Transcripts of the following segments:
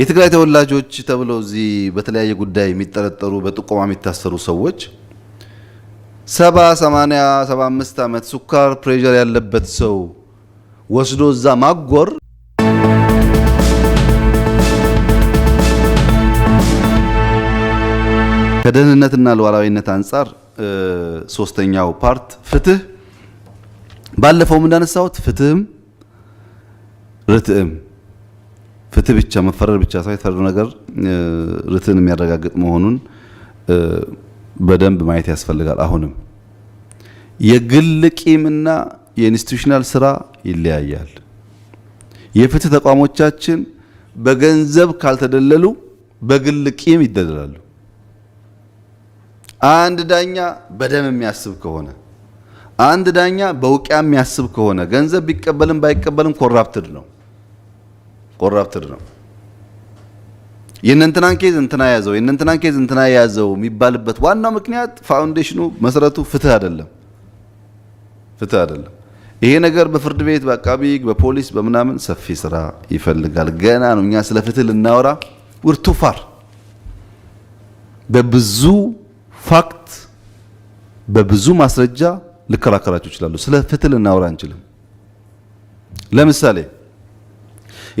የትግራይ ተወላጆች ተብለው እዚህ በተለያየ ጉዳይ የሚጠረጠሩ በጥቆማ የሚታሰሩ ሰዎች ሰባ ሰማንያ ሰባ አምስት ዓመት ሱካር ፕሬዠር ያለበት ሰው ወስዶ እዛ ማጎር ከደህንነትና ሉዓላዊነት አንጻር ሶስተኛው ፓርት ፍትህ፣ ባለፈውም እንዳነሳሁት ፍትህም ርትዕም ፍትህ ብቻ መፈረድ ብቻ ሳይ ፈርዶ ነገር ርትን የሚያረጋግጥ መሆኑን በደንብ ማየት ያስፈልጋል። አሁንም የግል ቂምና የኢንስቲቱሽናል ስራ ይለያያል። የፍትህ ተቋሞቻችን በገንዘብ ካልተደለሉ በግል ቂም ይደለላሉ። አንድ ዳኛ በደም የሚያስብ ከሆነ አንድ ዳኛ በውቅያ የሚያስብ ከሆነ ገንዘብ ቢቀበልም ባይቀበልም ኮራፕትድ ነው። ኮራፕትድ ነው። የእነንትናን ኬዝ እንትና ያዘው የእነንትናን ኬዝ እንትና ያዘው የሚባልበት ዋናው ምክንያት ፋውንዴሽኑ መሰረቱ ፍትህ አይደለም፣ ፍትህ አይደለም። ይሄ ነገር በፍርድ ቤት በአቃቢ በፖሊስ በምናምን ሰፊ ስራ ይፈልጋል። ገና ነው። እኛ ስለ ፍትህ ልናወራ በብዙ ፋክት በብዙ ማስረጃ ልከራከራችሁ ይችላሉ። ስለ ፍትህ ልናወራ አንችልም። ለምሳሌ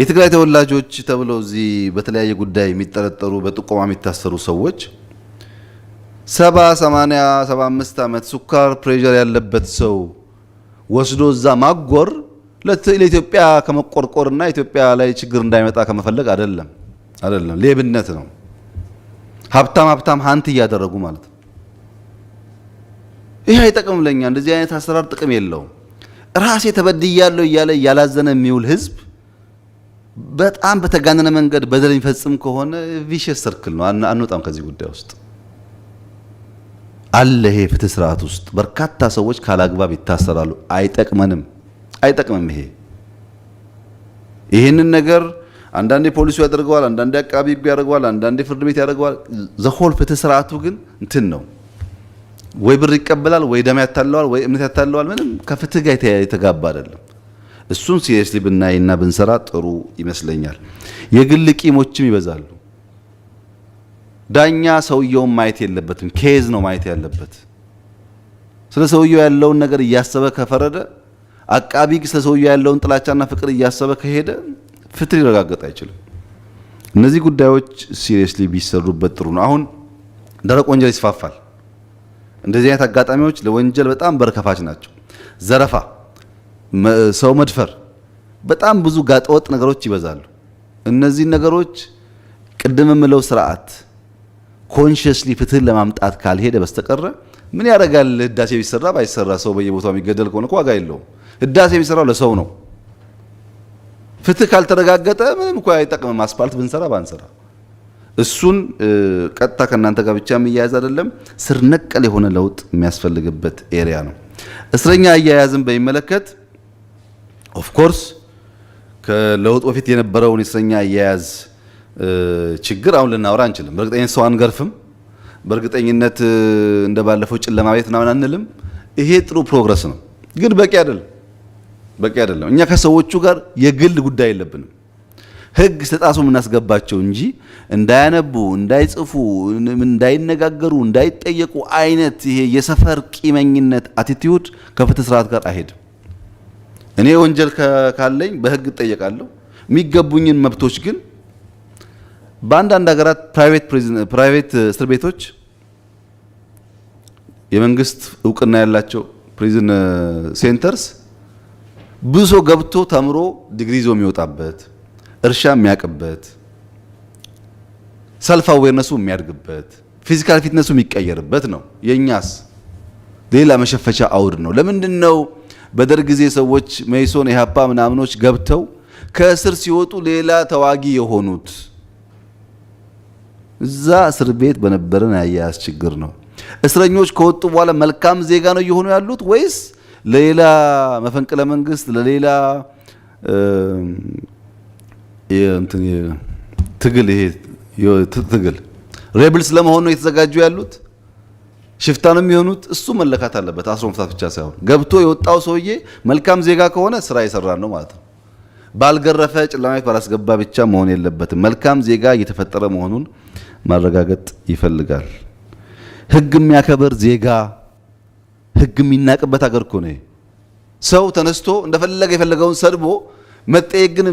የትግራይ ተወላጆች ተብለው እዚህ በተለያየ ጉዳይ የሚጠረጠሩ በጥቆማ የሚታሰሩ ሰዎች ሰባ ሰማንያ ሰባ አምስት ዓመት ሱካር ፕሬዠር ያለበት ሰው ወስዶ እዛ ማጎር ለኢትዮጵያ ከመቆርቆርና ኢትዮጵያ ላይ ችግር እንዳይመጣ ከመፈለግ አይደለም አይደለም፣ ሌብነት ነው። ሀብታም ሀብታም ሀንት እያደረጉ ማለት ነው። ይህ አይጠቅምም ለኛ። እንደዚህ አይነት አሰራር ጥቅም የለውም። ራሴ ተበድያለሁ እያለ እያላዘነ የሚውል ህዝብ በጣም በተጋነነ መንገድ በደል የሚፈጽም ከሆነ ቪሸስ ሰርክል ነው። አንወጣም ከዚህ ጉዳይ ውስጥ አለ። ይሄ ፍትህ ስርዓት ውስጥ በርካታ ሰዎች ካላግባብ ይታሰራሉ። አይጠቅመንም፣ አይጠቅምም። ይሄ ይህንን ነገር አንዳንዴ ፖሊሱ ያደርገዋል፣ አንዳንዴ አቃቢ ሕጉ ያደርገዋል፣ አንዳንዴ ፍርድ ቤት ያደርገዋል። ዘሆል ፍትህ ስርዓቱ ግን እንትን ነው ወይ ብር ይቀበላል፣ ወይ ደም ያታለዋል፣ ወይ እምነት ያታለዋል። ምንም ከፍትህ ጋር የተጋባ አይደለም። እሱን ሲሪየስሊ ብናይና ብንሰራ ጥሩ ይመስለኛል። የግል ቂሞችም ይበዛሉ። ዳኛ ሰውየውን ማየት የለበትም፣ ኬዝ ነው ማየት ያለበት። ስለ ሰውየው ያለውን ነገር እያሰበ ከፈረደ፣ አቃቢ ስለ ሰውየው ያለውን ጥላቻና ፍቅር እያሰበ ከሄደ ፍትህ ሊረጋገጥ አይችልም። እነዚህ ጉዳዮች ሲሪየስሊ ቢሰሩበት ጥሩ ነው። አሁን ደረቅ ወንጀል ይስፋፋል። እንደዚህ አይነት አጋጣሚዎች ለወንጀል በጣም በርከፋች ናቸው። ዘረፋ ሰው መድፈር፣ በጣም ብዙ ጋጠወጥ ነገሮች ይበዛሉ። እነዚህ ነገሮች ቅድም የምለው ስርዓት ኮንሽስሊ ፍትህን ለማምጣት ካልሄደ በስተቀረ ምን ያደርጋል? ህዳሴ ቢሰራ ባይሰራ ሰው በየቦታው የሚገደል ከሆነ ዋጋ የለውም። ህዳሴ ቢሰራው ለሰው ነው። ፍትህ ካልተረጋገጠ ምንም እኮ አይጠቅምም። አስፓልት ብንሰራ ባንሰራ እሱን ቀጥታ ከእናንተ ጋር ብቻ የሚያያዝ አይደለም። ስር ነቀል የሆነ ለውጥ የሚያስፈልግበት ኤሪያ ነው። እስረኛ አያያዝን በሚመለከት ኦፍኮርስ ከለውጥ በፊት የነበረውን የእስረኛ አያያዝ ችግር አሁን ልናወራ አንችልም። በእርግጠኝነት ሰው አንገርፍም። በእርግጠኝነት እንደ ባለፈው ጨለማ ቤት ምናምን አንልም። ይሄ ጥሩ ፕሮግረስ ነው፣ ግን በቂ አይደለም። በቂ አይደለም። እኛ ከሰዎቹ ጋር የግል ጉዳይ የለብንም። ህግ ተጣሱ የምናስገባቸው እንጂ እንዳያነቡ፣ እንዳይጽፉ፣ እንዳይነጋገሩ፣ እንዳይጠየቁ አይነት ይሄ የሰፈር ቂመኝነት አቲቲዩድ ከፍትህ ስርዓት ጋር አይሄድም። እኔ ወንጀል ካለኝ በህግ እጠየቃለሁ። የሚገቡኝን መብቶች ግን በአንዳንድ ሀገራት ፕራይቬት እስር ቤቶች የመንግስት እውቅና ያላቸው ፕሪዝን ሴንተርስ ብዙ ሰው ገብቶ ተምሮ ዲግሪ ይዞ የሚወጣበት እርሻ የሚያውቅበት ሰልፍ አዌርነሱ የሚያድግበት ፊዚካል ፊትነሱ የሚቀየርበት ነው። የእኛስ ሌላ መሸፈቻ አውድ ነው። ለምንድን ነው በደርግ ጊዜ ሰዎች መይሶን፣ ኢህአፓ ምናምኖች ገብተው ከእስር ሲወጡ ሌላ ተዋጊ የሆኑት እዛ እስር ቤት በነበረን አያያዝ ችግር ነው። እስረኞች ከወጡ በኋላ መልካም ዜጋ ነው እየሆኑ ያሉት ወይስ ለሌላ መፈንቅለ መንግስት ለሌላ ትግል ይሄ ትግል ሬብልስ ለመሆን ነው የተዘጋጁ ያሉት? ሽፍታን የሚሆኑት እሱ መለካት አለበት። አስሮ መፍታት ብቻ ሳይሆን ገብቶ የወጣው ሰውዬ መልካም ዜጋ ከሆነ ስራ የሰራ ነው ማለት ነው። ባልገረፈ ጨለማ ቤት ባላስገባ ብቻ መሆን የለበትም። መልካም ዜጋ እየተፈጠረ መሆኑን ማረጋገጥ ይፈልጋል። ህግ የሚያከብር ዜጋ ህግ የሚናቅበት አገር እኮ ነው። ሰው ተነስቶ እንደፈለገ የፈለገውን ሰድቦ መጠየቅ ግን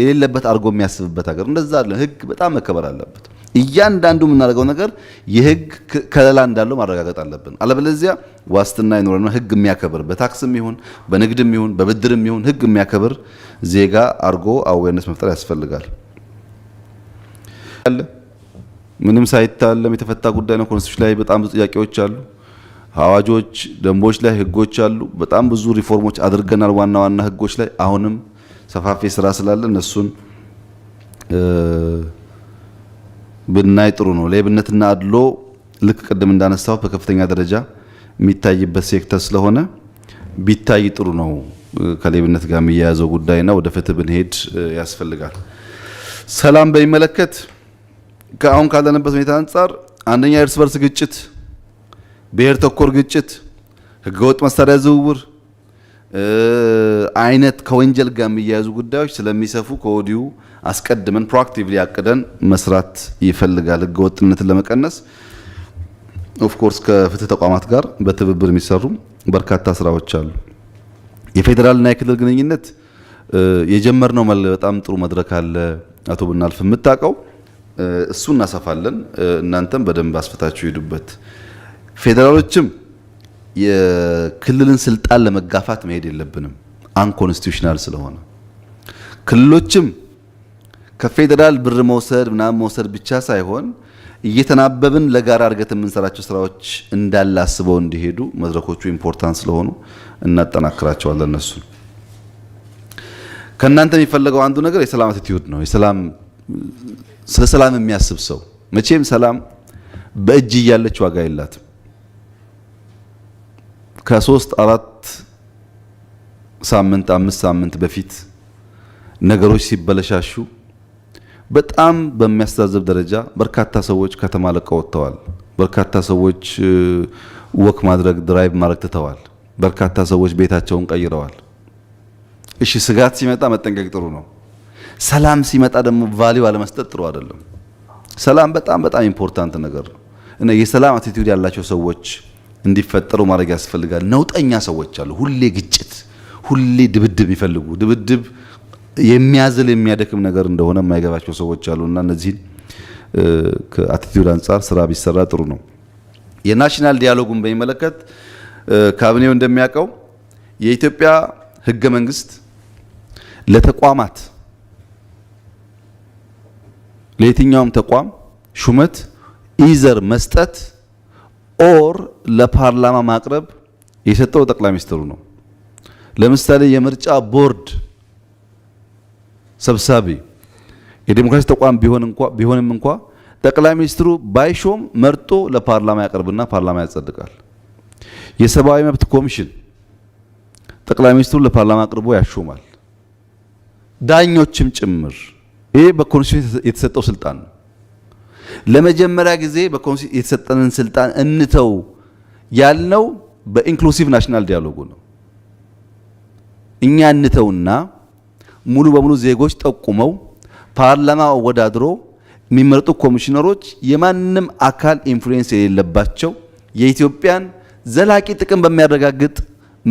የሌለበት አድርጎ የሚያስብበት አገር እንደዛ አለ። ህግ በጣም መከበር አለበት። እያንዳንዱ የምናደርገው ነገር የህግ ከለላ እንዳለው ማረጋገጥ አለብን። አለበለዚያ ዋስትና ይኖረና ህግ የሚያከብር በታክስም ይሁን በንግድም ይሁን በብድርም ይሁን ህግ የሚያከብር ዜጋ አርጎ አዌርነስ መፍጠር ያስፈልጋል። ምንም ሳይታለም የተፈታ ጉዳይ ነው። ኮንስቲቱሽን ላይ በጣም ብዙ ጥያቄዎች አሉ። አዋጆች፣ ደንቦች ላይ ህጎች አሉ። በጣም ብዙ ሪፎርሞች አድርገናል። ዋና ዋና ህጎች ላይ አሁንም ሰፋፊ ስራ ስላለ እነሱን ብናይ ጥሩ ነው። ሌብነትና አድሎ ልክ ቅድም እንዳነሳው በከፍተኛ ደረጃ የሚታይበት ሴክተር ስለሆነ ቢታይ ጥሩ ነው። ከሌብነት ጋር የሚያያዘው ጉዳይና ወደ ፍትህ ብንሄድ ያስፈልጋል። ሰላም በሚመለከት ከአሁን ካለንበት ሁኔታ አንጻር አንደኛ የእርስ በርስ ግጭት፣ ብሔር ተኮር ግጭት፣ ህገወጥ መሳሪያ ዝውውር አይነት ከወንጀል ጋር የሚያያዙ ጉዳዮች ስለሚሰፉ ከወዲሁ አስቀድመን ፕሮአክቲቭሊ አቅደን መስራት ይፈልጋል ህገወጥነትን ለመቀነስ። ኦፍኮርስ ከፍትህ ተቋማት ጋር በትብብር የሚሰሩ በርካታ ስራዎች አሉ። የፌዴራልና የክልል ግንኙነት የጀመርነው በጣም ጥሩ መድረክ አለ። አቶ ብናልፍ የምታውቀው እሱ እናሰፋለን። እናንተም በደንብ አስፈታችሁ ሄዱበት። ፌዴራሎችም የክልልን ስልጣን ለመጋፋት መሄድ የለብንም አንኮንስቲቱሽናል ስለሆነ ክልሎችም ከፌዴራል ብር መውሰድ ምናምን መውሰድ ብቻ ሳይሆን እየተናበብን ለጋራ እድገት የምንሰራቸው ስራዎች እንዳለ አስበው እንዲሄዱ መድረኮቹ ኢምፖርታንት ስለሆኑ እናጠናክራቸዋለን። እነሱን ከእናንተ የሚፈለገው አንዱ ነገር የሰላም አቲትዩድ ነው። የሰላም ስለ ሰላም የሚያስብ ሰው መቼም ሰላም በእጅ እያለች ዋጋ የላትም። ከሶስት አራት ሳምንት አምስት ሳምንት በፊት ነገሮች ሲበለሻሹ በጣም በሚያስተዛዝብ ደረጃ በርካታ ሰዎች ከተማ ለቀው ወጥተዋል። በርካታ ሰዎች ወክ ማድረግ ድራይቭ ማድረግ ትተዋል። በርካታ ሰዎች ቤታቸውን ቀይረዋል። እሺ ስጋት ሲመጣ መጠንቀቅ ጥሩ ነው። ሰላም ሲመጣ ደግሞ ቫሊው አለመስጠት ጥሩ አይደለም። ሰላም በጣም በጣም ኢምፖርታንት ነገር ነው እና የሰላም አቲቲዩድ ያላቸው ሰዎች እንዲፈጠሩ ማድረግ ያስፈልጋል። ነውጠኛ ሰዎች አሉ፣ ሁሌ ግጭት፣ ሁሌ ድብድብ ይፈልጉ ድብድብ የሚያዝል የሚያደክም ነገር እንደሆነ የማይገባቸው ሰዎች አሉና እነዚህን ከአቲቲዩድ አንጻር ስራ ቢሰራ ጥሩ ነው። የናሽናል ዲያሎጉን በሚመለከት ካቢኔው እንደሚያውቀው የኢትዮጵያ ህገ መንግስት ለተቋማት ለየትኛውም ተቋም ሹመት ኢዘር መስጠት ኦር ለፓርላማ ማቅረብ የሰጠው ጠቅላይ ሚኒስትሩ ነው። ለምሳሌ የምርጫ ቦርድ ሰብሳቢ የዴሞክራሲ ተቋም ቢሆንም እንኳ ጠቅላይ ሚኒስትሩ ባይሾም መርጦ ለፓርላማ ያቀርብና ፓርላማ ያጸድቃል። የሰብአዊ መብት ኮሚሽን ጠቅላይ ሚኒስትሩ ለፓርላማ አቅርቦ ያሾማል፣ ዳኞችም ጭምር። ይህ በኮንስቲቱሽን የተሰጠው ስልጣን ነው። ለመጀመሪያ ጊዜ በኮንስቲቱሽን የተሰጠንን ስልጣን እንተው ያልነው በኢንክሉሲቭ ናሽናል ዲያሎጉ ነው። እኛ እንተውና ሙሉ በሙሉ ዜጎች ጠቁመው ፓርላማ ወዳድሮ የሚመረጡ ኮሚሽነሮች የማንም አካል ኢንፍሉዌንስ የሌለባቸው የኢትዮጵያን ዘላቂ ጥቅም በሚያረጋግጥ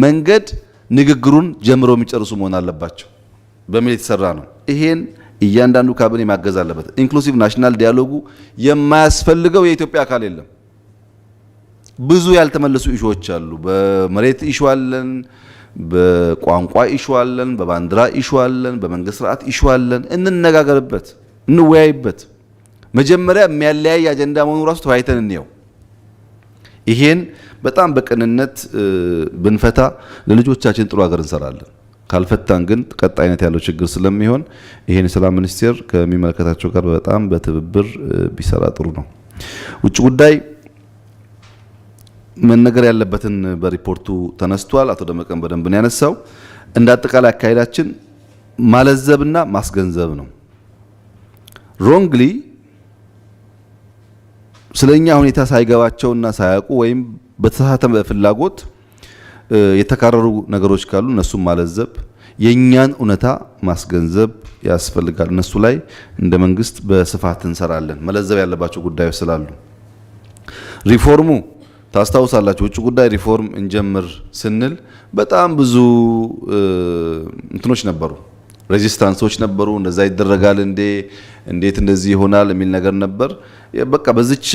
መንገድ ንግግሩን ጀምሮ የሚጨርሱ መሆን አለባቸው በሚል የተሰራ ነው። ይሄን እያንዳንዱ ካቢኔ ማገዝ አለበት። ኢንክሉሲቭ ናሽናል ዲያሎጉ የማያስፈልገው የኢትዮጵያ አካል የለም። ብዙ ያልተመለሱ እሾዎች አሉ። በመሬት እሾ አለን። በቋንቋ ኢሹ አለን፣ በባንዲራ ኢሹ አለን፣ በመንግስት ስርዓት ኢሹ አለን። እንነጋገርበት፣ እንወያይበት። መጀመሪያ የሚያለያይ አጀንዳ መሆኑ ራሱ ተወያይተን እንየው። ይሄን በጣም በቅንነት ብንፈታ ለልጆቻችን ጥሩ ሀገር እንሰራለን። ካልፈታን ግን ቀጣይነት ያለው ችግር ስለሚሆን ይሄን የሰላም ሚኒስቴር ከሚመለከታቸው ጋር በጣም በትብብር ቢሰራ ጥሩ ነው። ውጭ ጉዳይ መነገር ያለበትን በሪፖርቱ ተነስቷል። አቶ ደመቀን በደንብ ነው ያነሳው። እንደ አጠቃላይ አካሄዳችን ማለዘብና ማስገንዘብ ነው። ሮንግሊ ስለኛ ሁኔታ ሳይገባቸውና ሳያውቁ ወይም በተሳተ ፍላጎት የተካረሩ ነገሮች ካሉ እነሱ ማለዘብ የእኛን እውነታ ማስገንዘብ ያስፈልጋል። እነሱ ላይ እንደ መንግስት በስፋት እንሰራለን፣ መለዘብ ያለባቸው ጉዳዮች ስላሉ ሪፎርሙ ታስታውሳላችሁ ውጭ ጉዳይ ሪፎርም እንጀምር ስንል በጣም ብዙ እንትኖች ነበሩ፣ ሬዚስታንሶች ነበሩ። እንደዛ ይደረጋል እንዴ እንዴት እንደዚህ ይሆናል የሚል ነገር ነበር። በቃ በዚች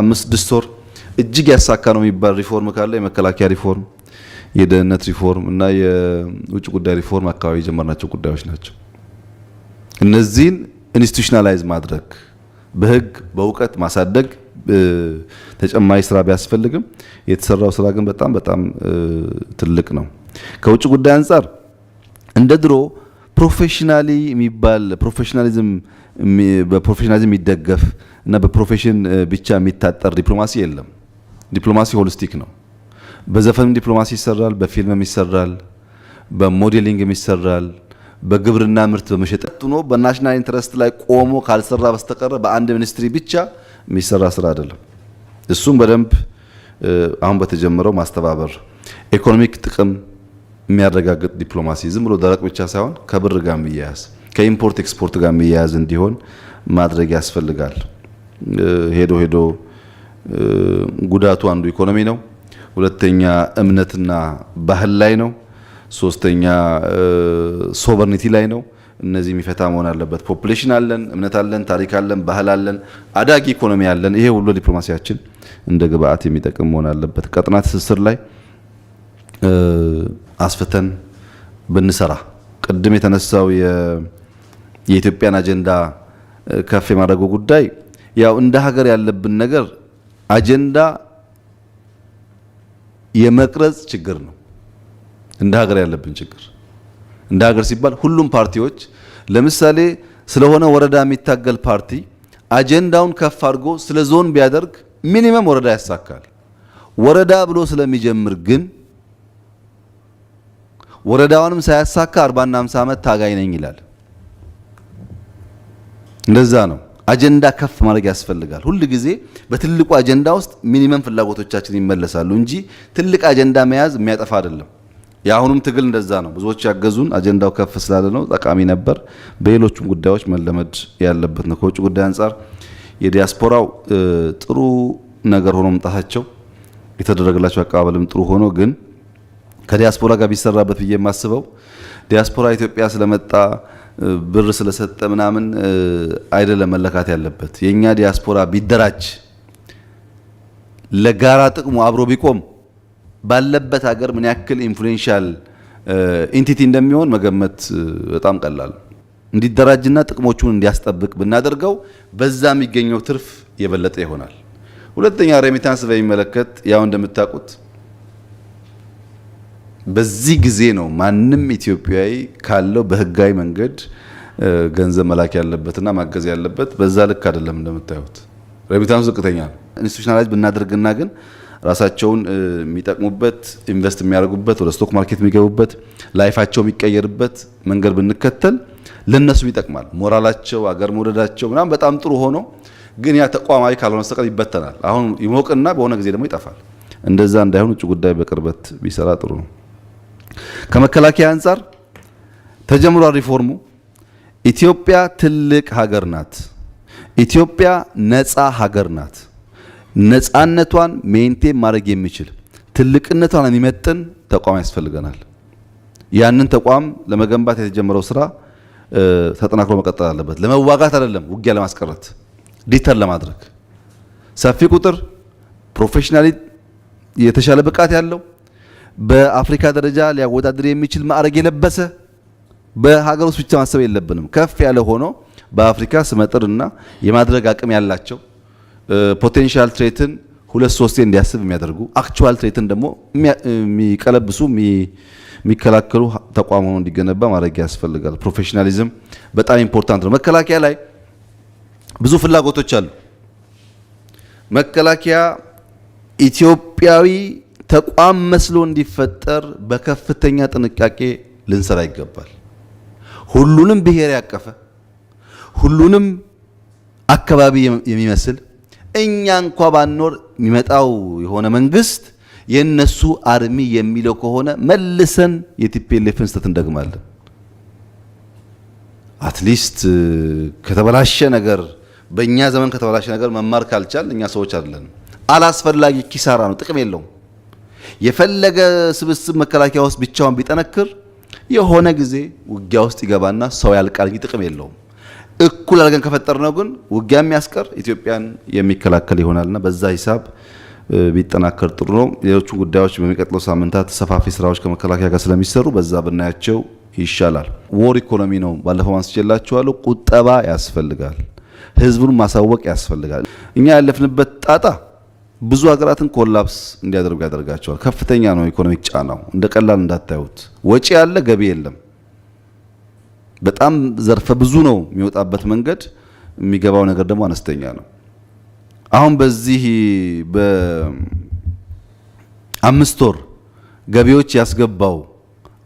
አምስት ስድስት ወር እጅግ ያሳካ ነው የሚባል ሪፎርም ካለ የመከላከያ ሪፎርም፣ የደህንነት ሪፎርም እና የውጭ ጉዳይ ሪፎርም አካባቢ የጀመርናቸው ጉዳዮች ናቸው። እነዚህን ኢንስቲቱሽናላይዝ ማድረግ በህግ በእውቀት ማሳደግ ተጨማሪ ስራ ቢያስፈልግም የተሰራው ስራ ግን በጣም በጣም ትልቅ ነው። ከውጭ ጉዳይ አንጻር እንደ ድሮ ፕሮፌሽናሊ የሚባል ፕሮፌሽናሊዝም በፕሮፌሽናሊዝም የሚደገፍ እና በፕሮፌሽን ብቻ የሚታጠር ዲፕሎማሲ የለም። ዲፕሎማሲ ሆሊስቲክ ነው። በዘፈንም ዲፕሎማሲ ይሰራል፣ በፊልምም ይሰራል፣ በሞዴሊንግም ይሰራል፣ በግብርና ምርት በመሸጥ ኖ በናሽናል ኢንትረስት ላይ ቆሞ ካልሰራ በስተቀረ በአንድ ሚኒስትሪ ብቻ የሚሰራ ስራ አይደለም። እሱም በደንብ አሁን በተጀመረው ማስተባበር ኢኮኖሚክ ጥቅም የሚያረጋግጥ ዲፕሎማሲ ዝም ብሎ ደረቅ ብቻ ሳይሆን ከብር ጋር የሚያያዝ ከኢምፖርት ኤክስፖርት ጋር የሚያያዝ እንዲሆን ማድረግ ያስፈልጋል። ሄዶ ሄዶ ጉዳቱ አንዱ ኢኮኖሚ ነው፣ ሁለተኛ እምነትና ባህል ላይ ነው፣ ሶስተኛ ሶቨርኒቲ ላይ ነው። እነዚህ የሚፈታ መሆን አለበት። ፖፕሌሽን አለን፣ እምነት አለን፣ ታሪክ አለን፣ ባህል አለን፣ አዳጊ ኢኮኖሚ አለን። ይሄ ሁሉ ዲፕሎማሲያችን እንደ ግብአት የሚጠቅም መሆን አለበት። ቀጥና ትስስር ላይ አስፍተን ብንሰራ ቅድም የተነሳው የኢትዮጵያን አጀንዳ ከፍ የማድረጉ ጉዳይ ያው እንደ ሀገር ያለብን ነገር አጀንዳ የመቅረጽ ችግር ነው። እንደ ሀገር ያለብን ችግር እንደ ሀገር ሲባል ሁሉም ፓርቲዎች ለምሳሌ ስለሆነ ወረዳ የሚታገል ፓርቲ አጀንዳውን ከፍ አድርጎ ስለ ዞን ቢያደርግ ሚኒመም ወረዳ ያሳካል። ወረዳ ብሎ ስለሚጀምር ግን ወረዳውንም ሳያሳካ 40ና 50 ዓመት ታጋይ ነኝ ይላል። እንደዛ ነው። አጀንዳ ከፍ ማድረግ ያስፈልጋል። ሁል ጊዜ በትልቁ አጀንዳ ውስጥ ሚኒመም ፍላጎቶቻችን ይመለሳሉ እንጂ ትልቅ አጀንዳ መያዝ የሚያጠፋ አይደለም። የአሁኑም ትግል እንደዛ ነው። ብዙዎች ያገዙን አጀንዳው ከፍ ስላለ ነው። ጠቃሚ ነበር። በሌሎችም ጉዳዮች መለመድ ያለበት ነው። ከውጭ ጉዳይ አንጻር የዲያስፖራው ጥሩ ነገር ሆኖ መምጣታቸው የተደረገላቸው አቀባበልም ጥሩ ሆኖ ግን ከዲያስፖራ ጋር ቢሰራበት ብዬ የማስበው ዲያስፖራ ኢትዮጵያ ስለመጣ ብር ስለሰጠ ምናምን አይደለም መለካት ያለበት። የእኛ ዲያስፖራ ቢደራጅ ለጋራ ጥቅሙ አብሮ ቢቆም ባለበት ሀገር ምን ያክል ኢንፍሉዌንሻል ኢንቲቲ እንደሚሆን መገመት በጣም ቀላል። እንዲደራጅና ጥቅሞቹን እንዲያስጠብቅ ብናደርገው በዛ የሚገኘው ትርፍ የበለጠ ይሆናል። ሁለተኛ ሬሚታንስ በሚመለከት ያው እንደምታውቁት በዚህ ጊዜ ነው ማንም ኢትዮጵያዊ ካለው በህጋዊ መንገድ ገንዘብ መላክ ያለበትና ማገዝ ያለበት። በዛ ልክ አይደለም እንደምታዩት ሬሚታንሱ ዝቅተኛ ነው። ኢንስቲቱሽናላይዝ ብናደርግና ግን ራሳቸውን የሚጠቅሙበት ኢንቨስት የሚያደርጉበት ወደ ስቶክ ማርኬት የሚገቡበት ላይፋቸው የሚቀየርበት መንገድ ብንከተል ለነሱም ይጠቅማል። ሞራላቸው፣ አገር መውደዳቸው ምናምን በጣም ጥሩ ሆኖ ግን ያ ተቋማዊ ካልሆነ በስተቀር ይበተናል። አሁን ይሞቅና በሆነ ጊዜ ደግሞ ይጠፋል። እንደዛ እንዳይሆን ውጭ ጉዳይ በቅርበት ቢሰራ ጥሩ ነው። ከመከላከያ አንጻር ተጀምሯል ሪፎርሙ። ኢትዮጵያ ትልቅ ሀገር ናት። ኢትዮጵያ ነፃ ሀገር ናት። ነፃነቷን ሜንቴን ማድረግ የሚችል ትልቅነቷን የሚመጥን ተቋም ያስፈልገናል። ያንን ተቋም ለመገንባት የተጀመረው ስራ ተጠናክሮ መቀጠል አለበት። ለመዋጋት አይደለም፣ ውጊያ ለማስቀረት ዲተር ለማድረግ ሰፊ ቁጥር ፕሮፌሽናሊ የተሻለ ብቃት ያለው በአፍሪካ ደረጃ ሊያወዳድር የሚችል ማዕረግ የለበሰ በሀገር ውስጥ ብቻ ማሰብ የለብንም። ከፍ ያለ ሆኖ በአፍሪካ ስመጥርና የማድረግ አቅም ያላቸው ፖቴንሻል ትሬትን ሁለት ሶስቴ እንዲያስብ የሚያደርጉ አክቹዋል ትሬትን ደግሞ የሚቀለብሱ የሚከላከሉ ተቋም ሆኖ እንዲገነባ ማድረግ ያስፈልጋል። ፕሮፌሽናሊዝም በጣም ኢምፖርታንት ነው። መከላከያ ላይ ብዙ ፍላጎቶች አሉ። መከላከያ ኢትዮጵያዊ ተቋም መስሎ እንዲፈጠር በከፍተኛ ጥንቃቄ ልንሰራ ይገባል። ሁሉንም ብሔር ያቀፈ ሁሉንም አካባቢ የሚመስል እኛ እንኳ ባኖር የሚመጣው የሆነ መንግስት የነሱ አርሚ የሚለው ከሆነ መልሰን የቲፒኤልኤፍን ስህተት እንደግማለን። አትሊስት uh, ከተበላሸ ነገር በእኛ ዘመን ከተበላሸ ነገር መማር ካልቻል እኛ ሰዎች አይደለንም። አላስፈላጊ ኪሳራ ነው፣ ጥቅም የለውም። የፈለገ ስብስብ መከላከያ ውስጥ ብቻውን ቢጠነክር የሆነ ጊዜ ውጊያ ውስጥ ይገባና ሰው ያልቃል እንጂ ጥቅም የለውም። እኩል አድርገን ነው ግን ውጊያ የሚያስቀር ኢትዮጵያን የሚከላከል ይሆናልና በዛ ሂሳብ ቢጠናከር ጥሩ ነው። ሌሎቹ ጉዳዮች በሚቀጥለው ሳምንታት ሰፋፊ ስራዎች ከመከላከያ ጋር ስለሚሰሩ በዛ ብናያቸው ይሻላል። ወር ኢኮኖሚ ነው። ባለፈው አንስቼላችኋለሁ። ቁጠባ ያስፈልጋል። ህዝቡን ማሳወቅ ያስፈልጋል። እኛ ያለፍንበት ጣጣ ብዙ ሀገራትን ኮላፕስ እንዲያደርጉ ያደርጋቸዋል። ከፍተኛ ነው ኢኮኖሚክ ጫናው፣ እንደ ቀላል እንዳታዩት። ወጪ ያለ ገቢ የለም። በጣም ዘርፈ ብዙ ነው የሚወጣበት መንገድ፣ የሚገባው ነገር ደግሞ አነስተኛ ነው። አሁን በዚህ በአምስት ወር ገቢዎች ያስገባው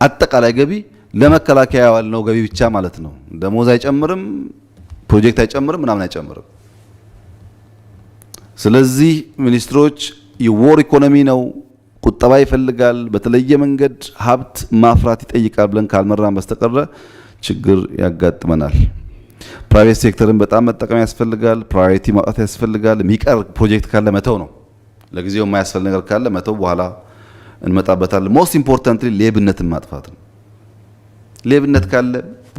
አጠቃላይ ገቢ ለመከላከያ ያዋልነው ገቢ ብቻ ማለት ነው። ደሞዝ አይጨምርም፣ ፕሮጀክት አይጨምርም፣ ምናምን አይጨምርም። ስለዚህ ሚኒስትሮች የወር ኢኮኖሚ ነው፣ ቁጠባ ይፈልጋል፣ በተለየ መንገድ ሀብት ማፍራት ይጠይቃል ብለን ካልመራን በስተቀረ ችግር ያጋጥመናል። ፕራይቬት ሴክተርን በጣም መጠቀም ያስፈልጋል። ፕራዮሪቲ ማውጣት ያስፈልጋል። የሚቀር ፕሮጀክት ካለ መተው ነው። ለጊዜው የማያስፈልግ ነገር ካለ መተው፣ በኋላ እንመጣበታለን። ሞስት ኢምፖርታንትሊ ሌብነትን ማጥፋት ነው። ሌብነት ካለ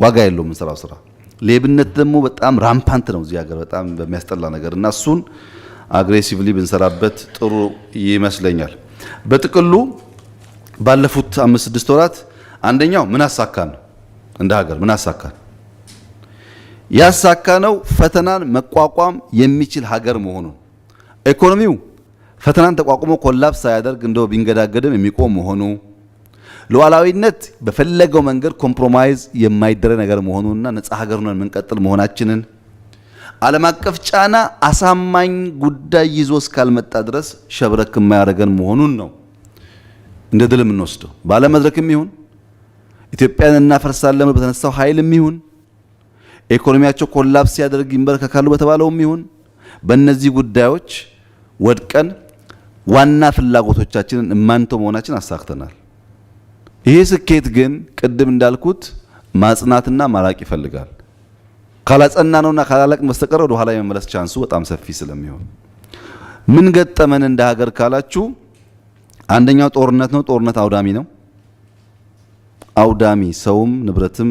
ዋጋ የለውም የምንሰራው ስራ። ሌብነት ደግሞ በጣም ራምፓንት ነው እዚህ ሀገር በጣም በሚያስጠላ ነገር እና እሱን አግሬሲቭሊ ብንሰራበት ጥሩ ይመስለኛል። በጥቅሉ ባለፉት አምስት ስድስት ወራት አንደኛው ምን አሳካን ነው እንደ ሀገር ምን አሳካን? ያሳካነው ፈተናን መቋቋም የሚችል ሀገር መሆኑን ኢኮኖሚው ፈተናን ተቋቁሞ ኮላፕስ ሳያደርግ እንደው ቢንገዳገድም የሚቆም መሆኑ ሉዓላዊነት በፈለገው መንገድ ኮምፕሮማይዝ የማይደረግ ነገር መሆኑንና ነፃ ሀገር ሆነን የምንቀጥል መሆናችንን ዓለም አቀፍ ጫና አሳማኝ ጉዳይ ይዞ እስካልመጣ ድረስ ሸብረክ የማያደርገን መሆኑን ነው እንደ ድል የምንወስደው ባለመድረክም ይሁን ኢትዮጵያን እናፈርሳለን ብሎ በተነሳው ኃይልም ይሁን ኢኮኖሚያቸው ኮላፕስ ሲያደርግ ይንበረከካሉ በተባለውም ይሁን በእነዚህ ጉዳዮች ወድቀን ዋና ፍላጎቶቻችንን እማንተው መሆናችን አሳክተናል። ይሄ ስኬት ግን ቅድም እንዳልኩት ማጽናትና ማላቅ ይፈልጋል። ካላጸና ነውና ካላለቅን በስተቀር ወደ ኋላ የመመለስ ቻንሱ በጣም ሰፊ ስለሚሆን ምን ገጠመን እንደ ሀገር ካላችሁ፣ አንደኛው ጦርነት ነው። ጦርነት አውዳሚ ነው። አውዳሚ ሰውም ንብረትም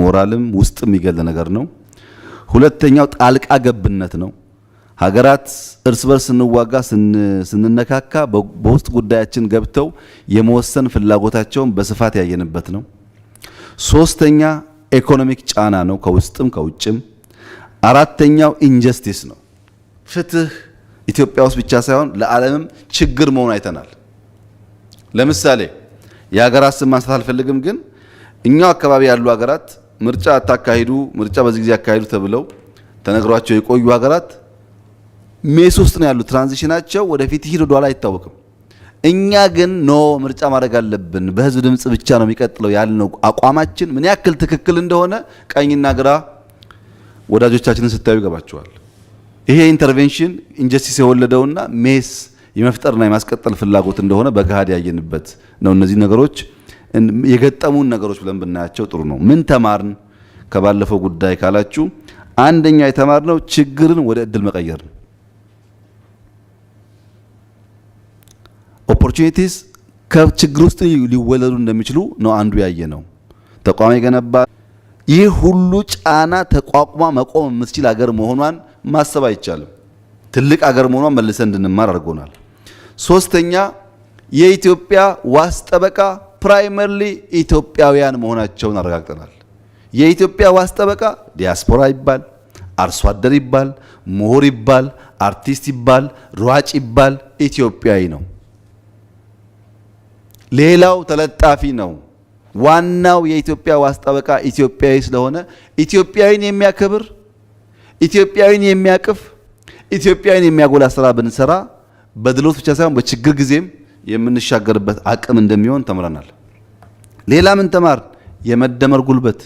ሞራልም ውስጥ የሚገል ነገር ነው። ሁለተኛው ጣልቃ ገብነት ነው። ሀገራት እርስ በርስ ስንዋጋ ስንነካካ በውስጥ ጉዳያችን ገብተው የመወሰን ፍላጎታቸውን በስፋት ያየንበት ነው። ሶስተኛ ኢኮኖሚክ ጫና ነው፣ ከውስጥም ከውጭም። አራተኛው ኢንጀስቲስ ነው። ፍትህ ኢትዮጵያ ውስጥ ብቻ ሳይሆን ለዓለምም ችግር መሆኑ አይተናል። ለምሳሌ የሀገራት ስም ማንሳት አልፈልግም፣ ግን እኛው አካባቢ ያሉ ሀገራት ምርጫ አታካሂዱ፣ ምርጫ በዚህ ጊዜ አካሂዱ ተብለው ተነግሯቸው የቆዩ ሀገራት ሜስ ውስጥ ነው ያሉ። ትራንዚሽናቸው ወደፊት ሂድ ወደኋላ አይታወቅም። እኛ ግን ኖ ምርጫ ማድረግ አለብን፣ በህዝብ ድምፅ ብቻ ነው የሚቀጥለው ያልነው አቋማችን ምን ያክል ትክክል እንደሆነ ቀኝና ግራ ወዳጆቻችንን ስታዩ ይገባቸዋል። ይሄ ኢንተርቬንሽን ኢንጀስቲስ የወለደውና ሜስ የመፍጠርና የማስቀጠል ፍላጎት እንደሆነ በገሃድ ያየንበት ነው። እነዚህ ነገሮች የገጠሙን ነገሮች ብለን ብናያቸው ጥሩ ነው። ምን ተማርን ከባለፈው ጉዳይ ካላችሁ፣ አንደኛ የተማርነው ችግርን ወደ እድል መቀየር ነው። ኦፖርቹኒቲስ ከችግር ውስጥ ሊወለዱ እንደሚችሉ ነው አንዱ ያየ ነው። ተቋም የገነባ ይህ ሁሉ ጫና ተቋቁማ መቆም የምትችል አገር መሆኗን ማሰብ አይቻልም። ትልቅ አገር መሆኗን መልሰን እንድንማር አድርጎናል። ሶስተኛ የኢትዮጵያ ዋስ ጠበቃ ፕራይመርሊ ኢትዮጵያውያን መሆናቸውን አረጋግጠናል። የኢትዮጵያ ዋስ ጠበቃ ዲያስፖራ ይባል፣ አርሶ አደር ይባል፣ ምሁር ይባል፣ አርቲስት ይባል፣ ሯጭ ይባል ኢትዮጵያዊ ነው። ሌላው ተለጣፊ ነው። ዋናው የኢትዮጵያ ዋስ ጠበቃ ኢትዮጵያዊ ስለሆነ ኢትዮጵያዊን የሚያከብር ኢትዮጵያዊን የሚያቅፍ ኢትዮጵያዊን የሚያጎላ ስራ ብንሰራ በድሎት ብቻ ሳይሆን በችግር ጊዜም የምንሻገርበት አቅም እንደሚሆን ተምረናል። ሌላ ምን ተማር? የመደመር ጉልበት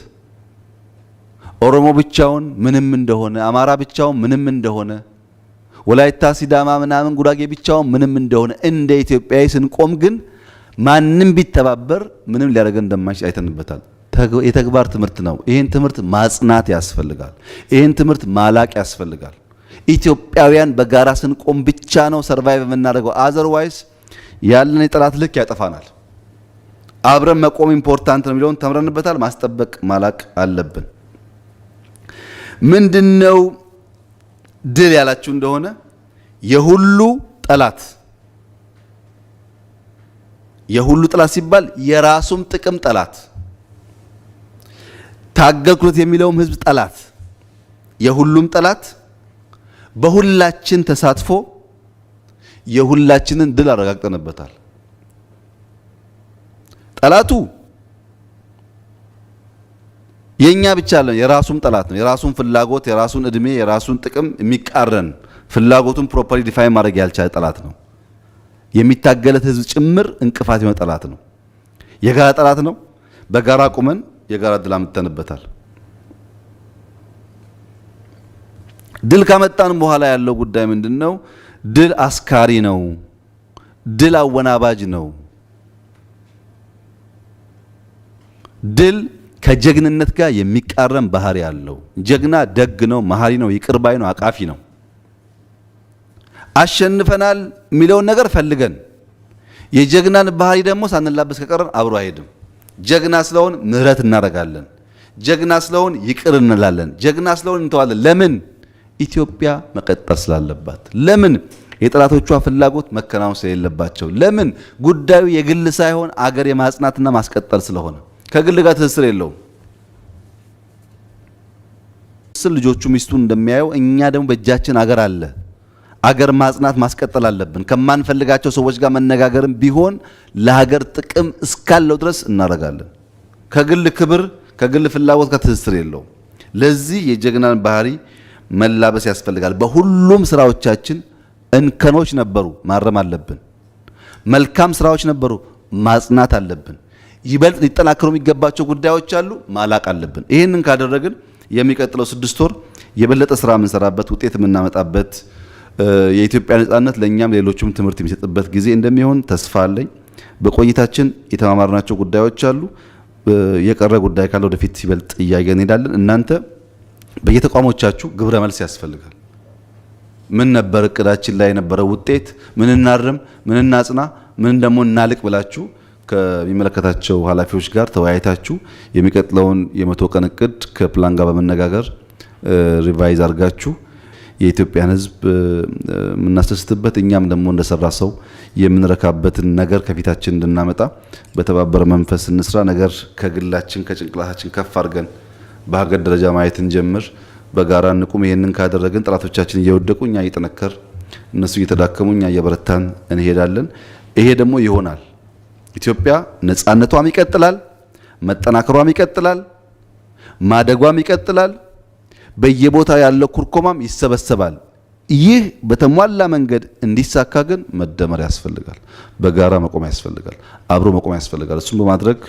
ኦሮሞ ብቻውን ምንም እንደሆነ፣ አማራ ብቻውን ምንም እንደሆነ፣ ወላይታ፣ ሲዳማ ምናምን ጉራጌ ብቻውን ምንም እንደሆነ እንደ ኢትዮጵያዊ ስንቆም ግን ማንም ቢተባበር ምንም ሊያደርገን እንደማይችል አይተንበታል። የተግባር ትምህርት ነው። ይህን ትምህርት ማጽናት ያስፈልጋል። ይህን ትምህርት ማላቅ ያስፈልጋል። ኢትዮጵያውያን በጋራ ስንቆም ብቻ ነው ሰርቫይቭ የምናደርገው። አዘርዋይስ ያለን የጠላት ልክ ያጠፋናል። አብረን መቆም ኢምፖርታንት ነው የሚለውን ተምረንበታል። ማስጠበቅ ማላቅ አለብን። ምንድነው ድል ያላችሁ እንደሆነ የሁሉ ጠላት የሁሉ ጠላት ሲባል የራሱም ጥቅም ጠላት፣ ታገልኩለት የሚለውም ህዝብ ጠላት፣ የሁሉም ጠላት በሁላችን ተሳትፎ የሁላችንን ድል አረጋግጠንበታል። ጠላቱ የኛ ብቻ አለን፣ የራሱም ጠላት ነው። የራሱን ፍላጎት፣ የራሱን እድሜ፣ የራሱን ጥቅም የሚቃረን ፍላጎቱን ፕሮፐር ዲፋይን ማድረግ ያልቻለ ጠላት ነው። የሚታገለት ህዝብ ጭምር እንቅፋት የሆነ ጠላት ነው። የጋራ ጠላት ነው። በጋራ ቁመን የጋራ ድል አምጥተንበታል። ድል ካመጣን በኋላ ያለው ጉዳይ ምንድን ነው? ድል አስካሪ ነው። ድል አወናባጅ ነው። ድል ከጀግንነት ጋር የሚቃረም ባህሪ አለው። ጀግና ደግ ነው፣ መሀሪ ነው፣ ይቅርባይ ነው፣ አቃፊ ነው። አሸንፈናል የሚለውን ነገር ፈልገን የጀግናን ባህሪ ደግሞ ሳንላበስ ከቀረን አብሮ አይሄድም። ጀግና ስለሆን ምህረት እናደርጋለን። ጀግና ስለሆን ይቅር እንላለን። ጀግና ስለሆን እንተዋለን። ለምን ኢትዮጵያ መቀጠል ስላለባት ለምን የጠላቶቿ ፍላጎት መከናወን ስለሌለባቸው ለምን ጉዳዩ የግል ሳይሆን አገር የማጽናትና ማስቀጠል ስለሆነ ከግል ጋር ትስስር የለውም። ስል ልጆቹ ሚስቱን እንደሚያየው እኛ ደግሞ በእጃችን አገር አለ። አገር ማጽናት ማስቀጠል አለብን። ከማንፈልጋቸው ሰዎች ጋር መነጋገርም ቢሆን ለሀገር ጥቅም እስካለው ድረስ እናደርጋለን። ከግል ክብር ከግል ፍላጎት ጋር ትስስር የለውም። ለዚህ የጀግናን ባህሪ መላበስ ያስፈልጋል። በሁሉም ስራዎቻችን እንከኖች ነበሩ፣ ማረም አለብን። መልካም ስራዎች ነበሩ፣ ማጽናት አለብን። ይበልጥ ሊጠናከሩ የሚገባቸው ጉዳዮች አሉ፣ ማላቅ አለብን። ይህንን ካደረግን የሚቀጥለው ስድስት ወር የበለጠ ስራ የምንሰራበት ውጤት የምናመጣበት የኢትዮጵያ ነጻነት ለእኛም ሌሎችም ትምህርት የሚሰጥበት ጊዜ እንደሚሆን ተስፋ አለኝ። በቆይታችን የተማማርናቸው ጉዳዮች አሉ። የቀረ ጉዳይ ካለ ወደፊት ይበልጥ እያየን እንሄዳለን። እናንተ በየተቋሞቻችሁ ግብረ መልስ ያስፈልጋል። ምን ነበር እቅዳችን ላይ የነበረው ውጤት? ምን እናርም፣ ምን እናጽና፣ ምን ደግሞ እናልቅ ብላችሁ ከሚመለከታቸው ኃላፊዎች ጋር ተወያይታችሁ የሚቀጥለውን የመቶ ቀን እቅድ ከፕላን ጋር በመነጋገር ሪቫይዝ አድርጋችሁ የኢትዮጵያን ሕዝብ የምናስደስትበት እኛም ደግሞ እንደሰራ ሰው የምንረካበትን ነገር ከፊታችን እንድናመጣ በተባበረ መንፈስ እንስራ። ነገር ከግላችን ከጭንቅላታችን ከፍ አድርገን በሀገር ደረጃ ማየት እንጀምር፣ በጋራ እንቁም። ይህንን ካደረግን ጥላቶቻችን እየወደቁ እኛ እየጠነከር፣ እነሱ እየተዳከሙ እኛ እየበረታን እንሄዳለን። ይሄ ደግሞ ይሆናል። ኢትዮጵያ ነጻነቷም ይቀጥላል፣ መጠናከሯም ይቀጥላል፣ ማደጓም ይቀጥላል። በየቦታው ያለው ኩርኮማም ይሰበሰባል። ይህ በተሟላ መንገድ እንዲሳካ ግን መደመር ያስፈልጋል። በጋራ መቆም ያስፈልጋል። አብሮ መቆም ያስፈልጋል። እሱን በማድረግ